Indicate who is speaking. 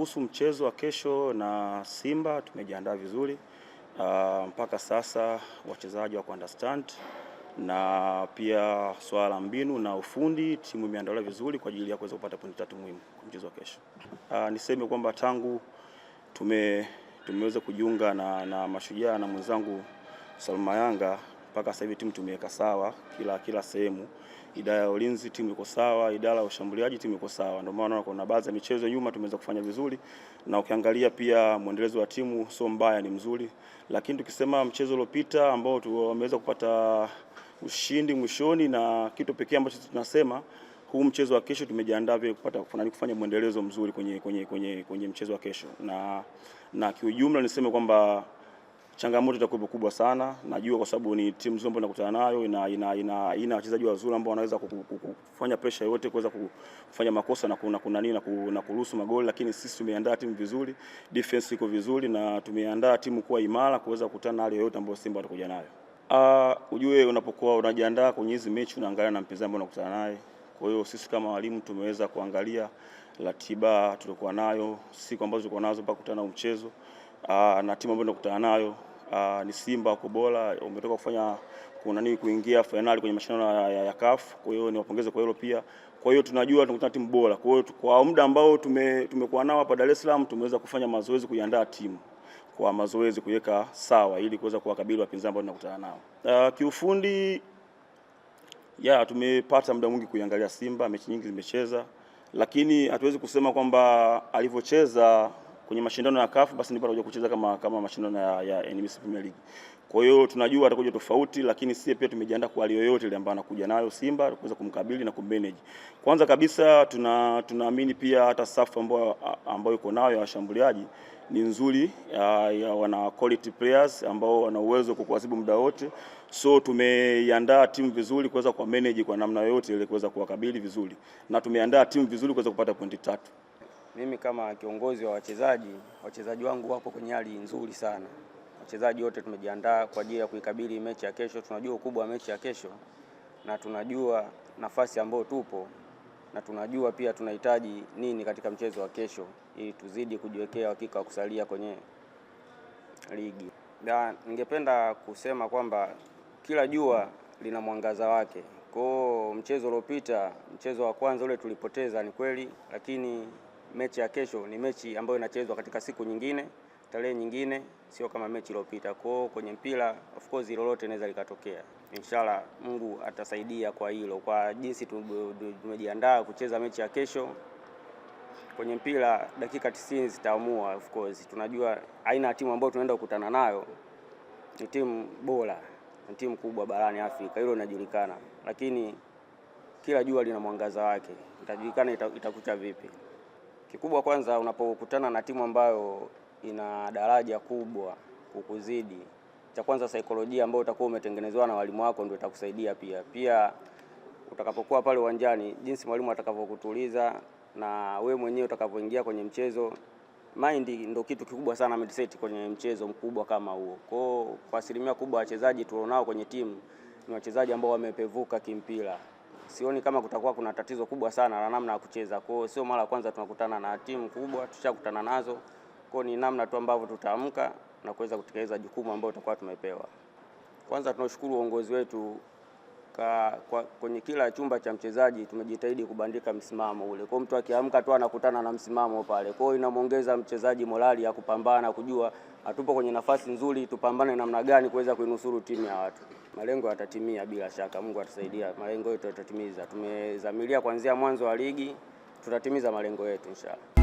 Speaker 1: Kuhusu mchezo wa kesho na Simba, tumejiandaa vizuri uh, mpaka sasa wachezaji wa understand na pia swala la mbinu na ufundi, timu imeandaliwa vizuri kwa ajili ya kuweza kupata pointi tatu muhimu kwa mchezo wa kesho. Uh, niseme kwamba tangu tume tumeweza kujiunga na, na Mashujaa na mwenzangu Salma Yanga mpaka sasa hivi timu tumeweka sawa kila kila sehemu, idara ya ulinzi timu iko sawa, idara ya ushambuliaji timu iko sawa. Ndio maana kuna baadhi ya michezo nyuma tumeweza kufanya vizuri, na ukiangalia pia mwendelezo wa timu sio mbaya, ni mzuri. Lakini tukisema mchezo uliopita ambao tumeweza kupata ushindi mwishoni, na kitu pekee ambacho tunasema huu mchezo wa kesho tumejiandaa vile kupata kufanya mwendelezo mzuri kwenye, kwenye, kwenye, kwenye mchezo wa kesho na, na kiujumla niseme kwamba changamoto itakuwa kubwa sana, najua kwa sababu ni timu nzuri ambayo inakutana nayo, ina ina ina, ina wachezaji wazuri ambao wanaweza kufanya pressure yote kuweza kufanya makosa na kuna kuna nini na kuruhusu magoli, lakini sisi tumeandaa timu vizuri, defense iko vizuri na tumeandaa timu kuwa imara kuweza kukutana na hali yoyote ambayo Simba watakuja nayo. Ah, Uh, ujue unapokuwa unajiandaa kwenye hizi mechi unaangalia na mpinzani ambao unakutana naye. Kwa hiyo sisi kama walimu tumeweza kuangalia ratiba tulikuwa nayo, siku ambazo tulikuwa nazo mpaka kukutana na mchezo Aa, ah, na timu ambayo tunakutana nayo uh, ni Simba wako bora, umetoka kufanya kuna nini kuingia fainali kwenye mashindano ya, ya, ya CAF. Kwa hiyo niwapongeze kwa hilo pia. Kwa hiyo tunajua tunakutana timu bora. Kwa hiyo kwa muda ambao tume, tumekuwa nao hapa Dar es Salaam tumeweza kufanya mazoezi kuiandaa timu kwa mazoezi kuiweka sawa ili kuweza kuwakabili wapinzani ambao tunakutana nao. Uh, kiufundi ya tumepata muda mwingi kuiangalia Simba, mechi nyingi zimecheza, lakini hatuwezi kusema kwamba alivyocheza kwenye mashindano ya CAF, basi ndipo atakuja kucheza kama kama mashindano ya, ya NBC Premier League. Kwa hiyo tunajua atakuja tofauti, lakini sisi pia tumejiandaa kwa hali yoyote ile ambayo anakuja nayo Simba kuweza kumkabili na kummanage. Kwanza kabisa tuna tunaamini pia hata safu ambayo ambayo iko nayo ya washambuliaji ni nzuri ya, ya wana quality players ambao wana uwezo kukuadhibu muda wote, so tumeiandaa timu vizuri kuweza kwa manage kwa namna yoyote ile kuweza kuwakabili vizuri, na tumeandaa timu vizuri kuweza kupata pointi tatu.
Speaker 2: Mimi kama kiongozi wa wachezaji, wachezaji wangu wapo kwenye hali nzuri sana. Wachezaji wote tumejiandaa kwa ajili ya kuikabili mechi ya kesho. Tunajua ukubwa wa mechi ya kesho na tunajua nafasi ambayo tupo na tunajua pia tunahitaji nini katika mchezo wa kesho, ili tuzidi kujiwekea hakika wa kusalia kwenye ligi. Na ningependa kusema kwamba kila jua lina mwangaza wake. Kwa mchezo uliopita, mchezo wa kwanza ule tulipoteza, ni kweli, lakini mechi ya kesho ni mechi ambayo inachezwa katika siku nyingine, tarehe nyingine, sio kama mechi iliyopita. Kwao kwenye mpira, of course, lolote inaweza likatokea. Inshallah Mungu atasaidia kwa hilo, kwa jinsi tumejiandaa kucheza mechi ya kesho. Kwenye mpira dakika 90 zitaamua. Of course tunajua aina ya timu ambayo tunaenda kukutana nayo ni timu bora, ni timu kubwa barani Afrika, hilo linajulikana, lakini kila jua lina mwangaza wake, itajulikana itakucha vipi. Kikubwa kwanza, unapokutana na timu ambayo ina daraja kubwa kukuzidi, cha kwanza saikolojia ambayo utakuwa umetengenezewa na walimu wako ndio itakusaidia pia. Pia utakapokuwa pale uwanjani, jinsi mwalimu atakavyokutuliza na we mwenyewe utakapoingia kwenye mchezo, mind ndio kitu kikubwa sana, mindset kwenye mchezo mkubwa kama huo. Kwa kwa asilimia kubwa wachezaji tulionao kwenye timu ni wachezaji ambao wamepevuka kimpira sioni kama kutakuwa kuna tatizo kubwa sana la namna ya kucheza. Kwa hiyo sio mara ya kwanza tunakutana na timu kubwa, tushakutana nazo. Kwa hiyo ni namna tu ambavyo tutaamka na kuweza kutekeleza jukumu ambayo tutakuwa tumepewa. Kwanza tunashukuru uongozi wetu ka, kwa, kwenye kila chumba cha mchezaji tumejitahidi kubandika msimamo ule, kwa mtu akiamka tu anakutana na msimamo pale. Kwa hiyo inamwongeza mchezaji morali ya kupambana, kujua hatupo kwenye nafasi nzuri, tupambane namna gani kuweza kuinusuru timu ya watu. Malengo yatatimia bila shaka, Mungu atusaidia, malengo yetu yatatimiza. Tumezamilia kuanzia mwanzo wa ligi, tutatimiza malengo yetu inshallah.